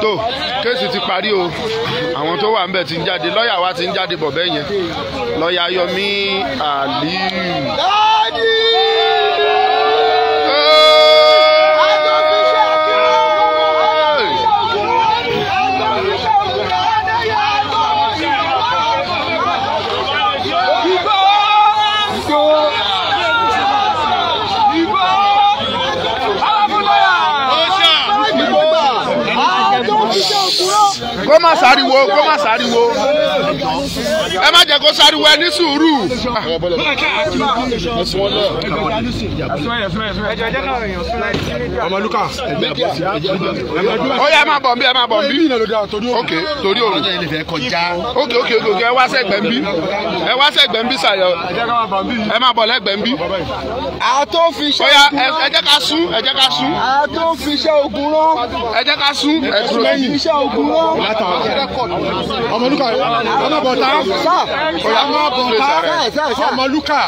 tó kéèsì ti parí o àwọn tó wà ńbẹ̀ ti ń jáde lọ́ọ̀yà wa ti ń jáde bọ̀ bẹ́ẹ̀ yẹn lọ́ọ̀yà Yọmí Aliyu. má sáriwo kó má sáriwo ẹ má jẹ́ kó sáriwo ẹ ní sùúrù. ọmọ luka ó yẹ má bọ̀ nbí ẹ má bọ̀ nbí ok torí òru ok ok ok ẹ wá sẹ́gbẹ̀ nbí ẹ wá sẹ́gbẹ̀ nbí sàyọ ẹ má bọ̀ lẹ́gbẹ̀ nbí. àtòfiṣẹ́ ogun rán ẹ jẹ́ ká sún ẹ jẹ́ ká sún. àtòfiṣẹ́ ogun rán ẹ jẹ́ ká sún ẹ dúró lẹ́yìn. àtòfiṣẹ́ ogun rán ọmọlúkà ọmọbọta sá ọmọbọta ọmọlúkà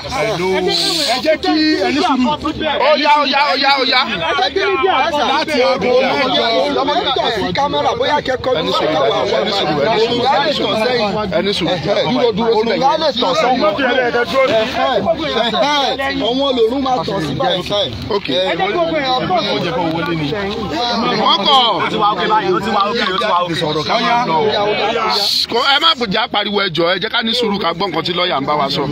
ẹ jẹ́ kí ẹni sùúrù. ó yá ó yá ó yá ó yá. láti aago mẹ́jọ. ọmọlúkà sí kámẹ́rà bóyá kẹ́kọ̀ọ́ ní sùúrù ẹni sùúrù ẹni sùúrù ẹni sùúrù ẹni sùúrù dúró dúró sílẹ̀ yìí. olùdarí tọ̀ sẹ́yìn. ọ̀wọ́n lòrùn máa tọ̀ sí báyìí. ok wọ́n kọ̀. ó ti wá ókè báyìí ó ti wá ókè ó ti wá ókè ẹ má fòjà pariwo ẹjọ ẹ jẹ́ ká ní sùúrù ká gbọ́ nǹkan tí lọ́ọ̀yà ń bá wa sọ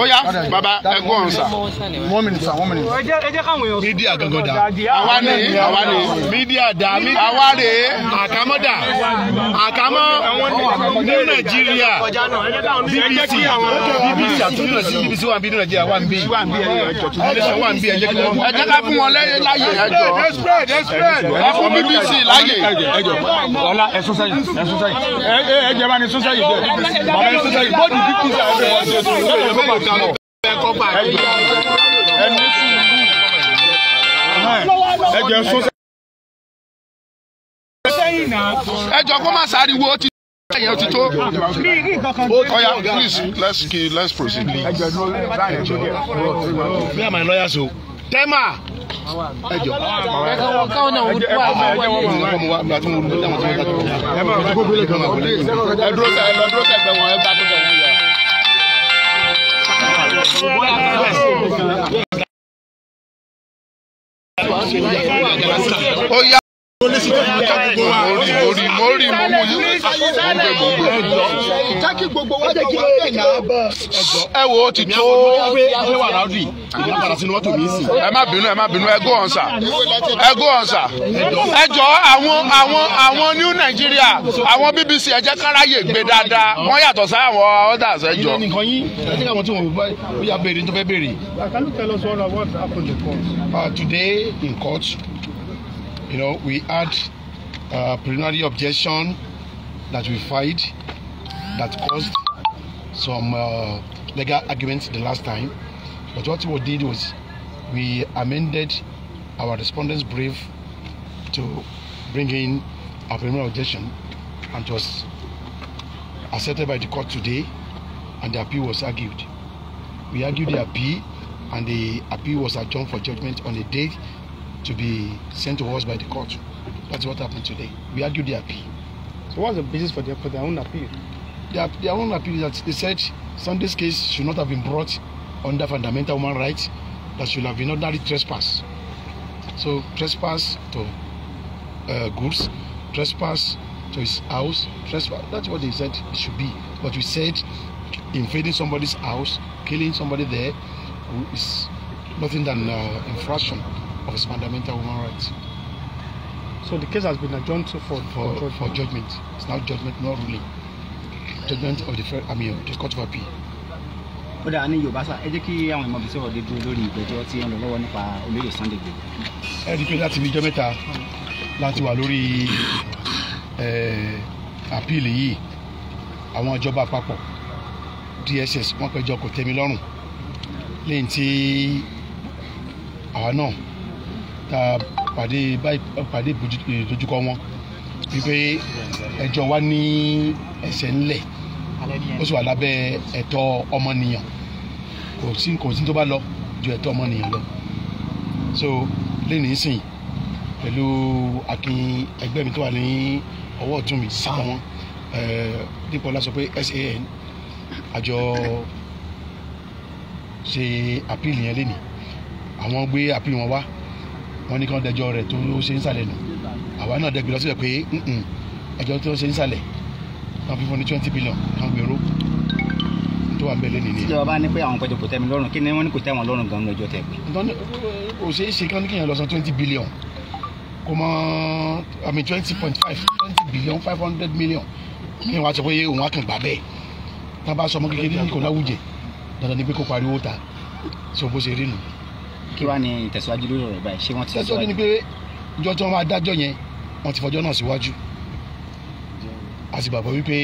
ó yá bàbá ẹ gbọ́ ọ̀hún sà. mídíà gangan dà. àwa ni àwa ni àdá mi àwárè àkámọ́dà àkámọ́ ní nàìjíríà bbc bbc àtúntò sí bbc wà bí nàìjíríà wà bí ẹjọ́ wà bí ẹjọ́ kí wọ́n. ẹjọ́ ká fún wọn láyè ẹjọ́ ẹ fún bbc láyè. ọlá ẹ sún sẹ́yìn ẹ ẹ jẹ bá ní sún sẹ́yìn jẹ bàbá ẹ sún sẹ́yìn bọ́ọ̀dù bíbí sẹ́yìn jẹ bá ní sún sẹ́yìn ẹni sùúrù ẹ jẹ sọsẹ ẹ jọ kó má sáriwo ti ẹyẹ ti tó oya please let's key, let's proceed. me and my lawyers o tẹ́mà ẹjọ káwọn náà wọ́n wá ẹ dúró sẹ ẹ lọ dúró sẹ ẹ bẹ wọn ẹ bá tó bẹ wọn yà mo rí mo mo yí jákè gbogbo wa jẹ́ kí ẹ nà ẹ wo ti tó ìdílé padà sínú ẹ má bínú ẹ má bínú ẹ go on ẹ go on ẹ jọ àwọn àwọn àwọn new Nigeria àwọn BBC ẹ jẹ́ káráyè gbé dáadáa wọ́n yàtọ̀ sí àwọn others ẹ jọ. ìyẹn nìkan yín ẹ jẹ́ àwọn tí wọ́n bí abèrè tó fẹ́ béèrè. Can you tell us all about what happened in court? Uh, today in court, you know, we had uh, preliminary objection that we filed that caused some uh, legal arguments the last time. But what we did was we amended our respondents' brief to bring in a preliminary objection and it was accepted by the court today and the appeal was argued. We argued the appeal and the appeal was adjourned for judgment on a date to be sent to us by the court. That's what happened today. We argued the appeal. So what's the basis for their, for their own appeal? Their, their own appeal is that they said Sunday's case should not have been brought under fundamental human rights that should have been ordinary trespass. So trespass to uh, goods, trespass to his house, trespass. That's what they said it should be. But we said invading somebody's house, killing somebody there is nothing than uh, infraction of his fundamental human rights. So the case has been adjourned for, for, for, judgment. for judgment. It's now judgment, not ruling. Judgment of the first, I mean, the court of appeal. ó dáa ní yorùbá sá ẹ jẹ́ kí àwọn ìmọ̀ bí sọ̀rọ̀ dé dúró lórí ìgbẹ́jọ́ tí ń lọ lọ́wọ́ nípa olóyè Sunday Igboho. ẹ rí i pé láti fi ijọ́ mẹ́ta láti wà lórí àpíìlì yìí àwọn ìjọba àpapọ̀ DSS wọ́n péjọ kò tẹ́mi lọ́rùn lẹ́yìn tí àwa náà pàdé pàdé ìdojúkọ wọn wípé ẹjọ́ wa ní ẹsẹ̀ ńlẹ̀ ó sì wà lábẹ́ ẹ̀tọ́ ọmọnìyàn kò sí kò sí tó bá lọ ju ẹ̀tọ́ ọmọnìyàn lọ so lẹ́nu ìsìn pẹ̀lú akin ẹgbẹ́ mi tó wà ní ọwọ́ ọ̀tún mi sáà wọn dípò ọlá sọ pé san àjọ ṣe àpìlì yẹn lẹ́nu àwọn gbé àpìlì wọn wá wọ́n ní kí wọ́n dẹjọ́ rẹ̀ tó ń ṣe ń sàlẹ̀ nù àwa náà dẹgbẹ́ lọ sílẹ̀ pé ẹjọ́ tó ń ṣe ń sàlẹ̀ wọ́n fi fún ní twenty billion kan gbèrú tó wà nbẹ̀lẹ̀ nìyẹn. ìjọba bá ní pé àwọn pẹ̀tẹ̀ kò tẹ́ mi lọ́rùn kí ni wọ́n ní kò tẹ́ wọn lọ́rùn gan-an lọ́jọ́ tẹ̀ pé. kò ṣeé ṣe kán kíyàn lọ san twenty billion kò mọ I twenty point five twenty billion five hundred million ní ìwà sọ pé òun á kàn gbà bẹ́ẹ̀ tá a bá sọ ọmọ kékeré ní kò láwùjẹ dandan ni pé kó pariwo ta ṣòwò bó ṣe rí nù kí wàá ní ìtẹ̀síwájú lórí ọ̀rọ̀ báyìí ṣé wọ́n ti tẹ̀síwájú. tẹ̀síwájú ni pé ìjọ tí wọ́n máa dájọ́ yẹn wọ́n ti fọjọ́ náà síwájú a sì gbàgbọ́ wípé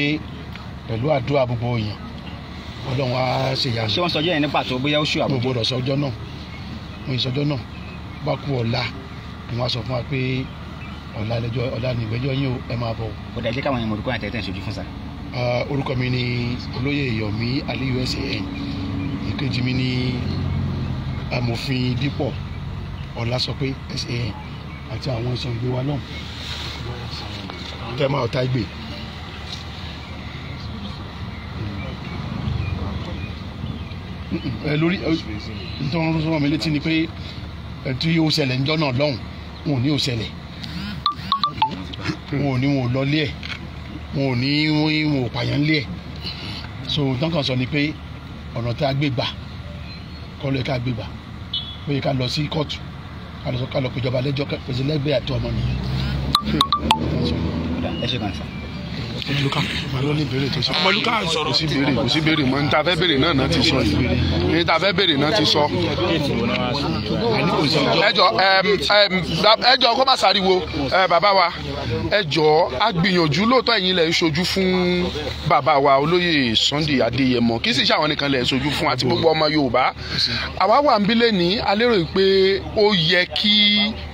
pẹ̀lú àdúrà gbogbo èèyàn ọlọ́run á ṣe ìyanu. ṣé wọ́n sọjọ́ yẹn ní pàtó bóyá ó ṣù àbújá. gbogbo ọ̀rọ̀ sọjọ́ náà wọ́n ìsọjọ́ náà bá kú ọ̀la ni wọ́n á sọ fún wa pé ọ̀la lẹ́jọ́ ọ̀la ni ìgbẹ́jọ́ yín o ẹ máa bọ̀. kò dàjẹ́ káwọn èèyàn mọ̀dúkọ́ àtẹ̀tẹ̀ ṣojú fún sa. Ah, orúkọ mi ni olóyè yomi aliyu sn ìkejì mi ni amòfin dípọ̀ ọlásọpé san àti àwọn ìṣàǹgbé wa náà tẹ́mà ọ̀tá ìgbè. lórí nítorí sọ́wọ́n mi létí ni pé tí ó ṣẹlẹ̀ níjọ́ náà lọ́hùn wọn ò ní ò ṣẹlẹ̀ wọn ò ní wọn ò lọ lé ẹ̀ wọn ò ní wọn ò pààyàn lé ẹ̀ so tán kàn sọ ni pé ọ̀nà tá a gbé gbà kọ́ ló yẹ ká gbégbà ó yẹ ká lọ sí kóòtù ká lọ sọ ká lọ péjọba lẹ́jọ́ pèsè lẹ́gbẹ̀ẹ́ àti ọmọ nìyẹn. ẹ ṣe kàn sàn luka ọmọ luka sọ̀rọ̀ kò sí béèrè kò sí béèrè mọ níta fẹ́ béèrè náà náà ti sọ yìí níta fẹ́ béèrè náà ti sọ. ẹjọ ẹjọ kó má sáriwo bàbá wa ẹjọ a gbìyànjú lóòótọ́ ẹ̀yin lẹ̀ ń ṣojú fún bàbá wa olóyè Sunday Adéyẹmọ kì í sì ṣàwọn nìkan lẹ̀ ń ṣojú fún àti gbogbo ọmọ Yorùbá àwa wà ń bílẹ̀ ní alérò pé ó yẹ kí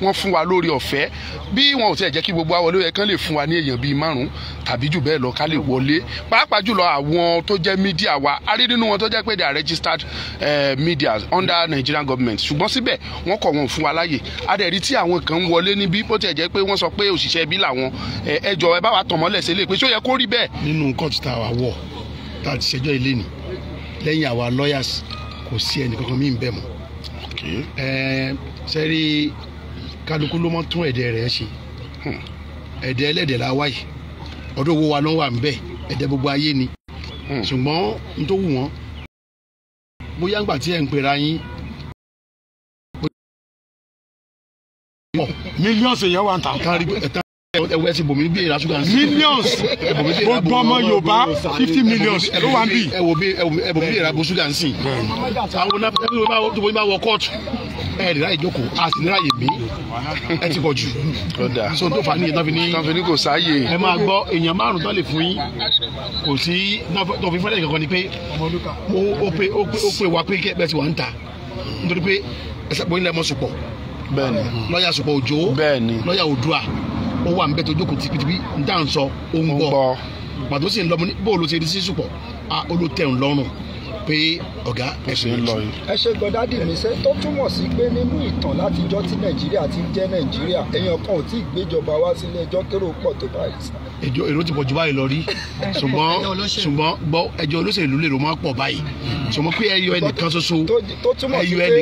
wọ́n fún wa lórí ọ̀fẹ́ bí wọn ò tẹ̀ jẹ́ kí gbogbo àwọn olóyè kan lè fún wa ní èèyàn bíi márùn-ún tàbí jù bẹ́ẹ̀ lọ ká lè wọlé pàápàá jùlọ àwọn tó jẹ́ media wa a rí nínú wọn tó jẹ́ pé they are registered uh, media under Nigerian government ṣùgbọ́n síbẹ̀ wọ́n kọ̀ wọ́n fún wa láàyè a dẹ̀ rí tí àwọn kan ń wọlé níbí bó tiẹ̀ jẹ́ pé wọ́n sọ pé òṣìṣẹ́ ibi làwọn eh, ẹ jọ̀ọ́ ẹ bá wa tọ̀mọ́lẹ̀ sí ilé pé ṣó yẹ kó rí bẹ́ẹ̀. nínú nǹkan tí ta wà wọ̀ tá a ti ṣẹjọ́ ilé ni lẹ́yìn àwa lawyers kò sí ẹnì kankan mí bẹ́ẹ̀ mọ́ sẹ́rí eh, kálukú ló mọ́ tún ẹ̀dẹ̀ rẹ̀ ṣe hmm. ẹ̀dẹ̀ ẹlẹ́dẹ̀ la wáyìí ọ̀dọ̀ owó wa náà wà níbẹ̀ ẹ̀dẹ́ gbogbo ayé ni hmm. ṣùgbọ́n n tó wù wọ́n bóyá ń gbà tí ẹ̀ ń pera yín. mílíọ̀nù yẹn wà ń ta ẹwẹ ti bòmí bí èyí lásùkà millions gbogbo ọmọ yorùbá fifty millions ló wà ń bì. ẹ wò bí ẹ bòmí bí èyí lásùkà ṣúgà ń sìn. tó bóyá wọ kóòtù ẹ ẹ̀ níláyè jókòó a sì níláyè mí ẹ ti pọ̀ jù. so tó fà á nìyẹn tọ́fi kò sáàyè. ẹ máa gbọ́ èèyàn márùn-ún fún yín kò sí tọ́fi fẹ́lẹ̀ kankan ni pé ó pè wá pé bẹ́ẹ̀ ti wà ń ta nítorí pé ẹsẹ̀ pé ó ń mọ́ sùpọ̀ bẹ́ẹ̀ni sùpọ̀ òjò bẹ́ẹ̀ni òdua ó wà níbẹ̀ tó jókòó tipitipi ń dá ń sọ ó ń gbọ́ pàtó sì ń lọ bó ló ti rí sí sùpọ̀ a ó lọ́rùn pé ọ̀gá ẹ ṣe ń lọ yìí. ẹ ṣe gbọdádì mi ṣe tó túmọ̀ sí pé nínú ìtàn látijọ́ tí nàìjíríà ti jẹ́ nàìjíríà èèyàn kan ò tí ì gbéjọba wá sílé ẹjọ́ kérò pọ̀ tó báyìí. èrò ti pọ̀ jù báyìí lọ rí ṣùgbọ́n ṣùgbọ́n gbọ́ ẹjọ́ olóṣèlú lè rò máa pọ̀ báyìí hmm. ṣùgbọ́n pé ẹyọ ẹnìkan ṣoṣo ẹyọ ẹnì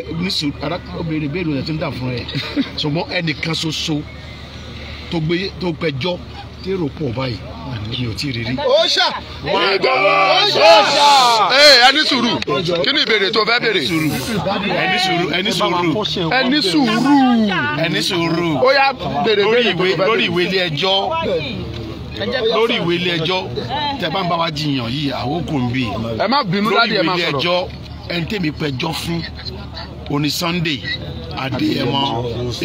tó gbé tó pẹjọ́ tèrò pọ̀ báyìí èyí ò tí ì rírí. ó ṣà ìdánwò ṣọ́ṣà. ẹ ẹni sùúrù kí ni ìbéèrè tó fẹ́ béèrè. ẹni sùúrù sùúrù ẹni sùúrù sùúrù. ó yá béèrè béèrè tó fẹ́ béèrè. lórí ìwé ilé ẹjọ́ tẹ bá ń bá wa jiyàn yìí àwòkù ń bì. ẹ má bínú dáadé ẹ má sọ̀rọ̀ lórí ìwé ilé ẹjọ́ ẹni tèmi pẹjọ́ fún oní Sunday adéyẹmọ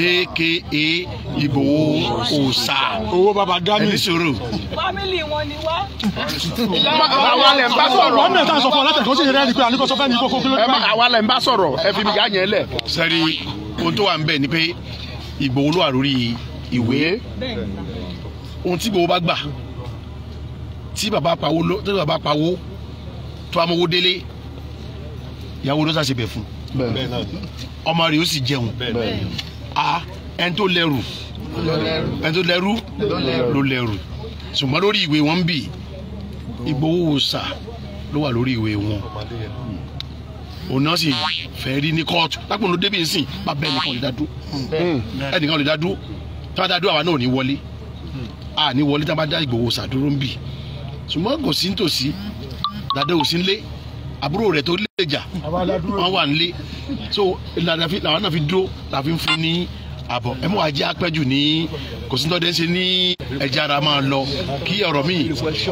aka ìbòwò òòsà owó baba dami ẹni sọ̀rọ̀. fámìlì wọn ni wá. àwa lẹ̀ ń bá sọ̀rọ̀. wọ́n mẹ́ta sọ fún ọ látẹ̀kọ́ sí ìrẹ́ ẹni pé àníkọ́ sọ fẹ́ ní kókó kílódé báyìí. àwa lẹ̀ ń bá sọ̀rọ̀ ẹ fi mi yá yẹn lẹ̀. sẹ́rí ohun tó wà ń bẹ̀ ni pé ìgbòho ló wà lórí ìwé ohun tí ìgbòho bá gbà tí bàbá pawó tó bàbá pawó tó amówó délé ìyàwó ló sàṣebẹ̀ ọmọ rẹ̀ ó sì jẹun a ẹni tó lẹ́rù ẹni tó lẹ́rù ló lẹ́rù ṣùgbọ́n lórí ìwé wọn bì Ìgbòho Òòṣà ló wà lórí ìwé wọn òun náà sì fẹ́ rí ní kóòtù lápò ló débi nsìn bàbá ẹnìkan lè dádú ẹnìkan lè dádú tí wọ́n dádú àwa náà ò ní wọlé à hmm. ní wọlé tí wọ́n bá dá Ìgbòho Òòṣà dúró ń bì ṣùgbọ́n kò sí nítòsí dàdé òsínlé àbúrò rẹ̀ tó lè jà wọ́n wà nílé so làwọn náà fi dúró làwọn fi ń fún ní àbọ̀ ẹ mọ̀ ajé apẹ́jù ní kò sí tọ́dẹ́ ṣe ní ẹja ara máa lọ kí ọ̀rọ̀ mi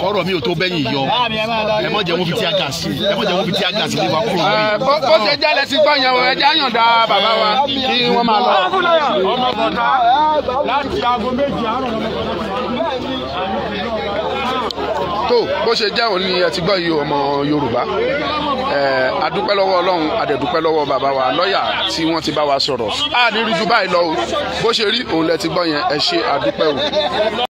ọ̀rọ̀ mi ò tó bẹ́yìn yọ ẹ mọ̀ jẹ́ wọ́n fi tí a gà sí ẹ mọ̀ jẹ́ wọ́n fi tí a gà sí lé wa kúrò lórí. bó ṣe jẹ́ lẹ́sìn gbọ́ yẹn o ẹja yọ̀ǹda bàbá wa kí wọ́n máa lọ. ọmọ bọ̀dá láti aago méjì àárọ̀ ọmọ bọ̀dá tó bó ṣe jẹ́ òní ẹ ti gbọ́ yìí ọmọ yorùbá adúpẹ́ lọ́wọ́ ọlọ́run adẹ̀dúpẹ́ lọ́wọ́ bàbá wa lọ́ọ̀yà tí wọ́n ti bá wa sọ̀rọ̀ a ní rí ju báyìí bó ṣe rí òun lẹ ti gbọ́ yẹn ẹ ṣe adúpẹ́ o.